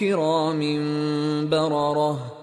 كرام برره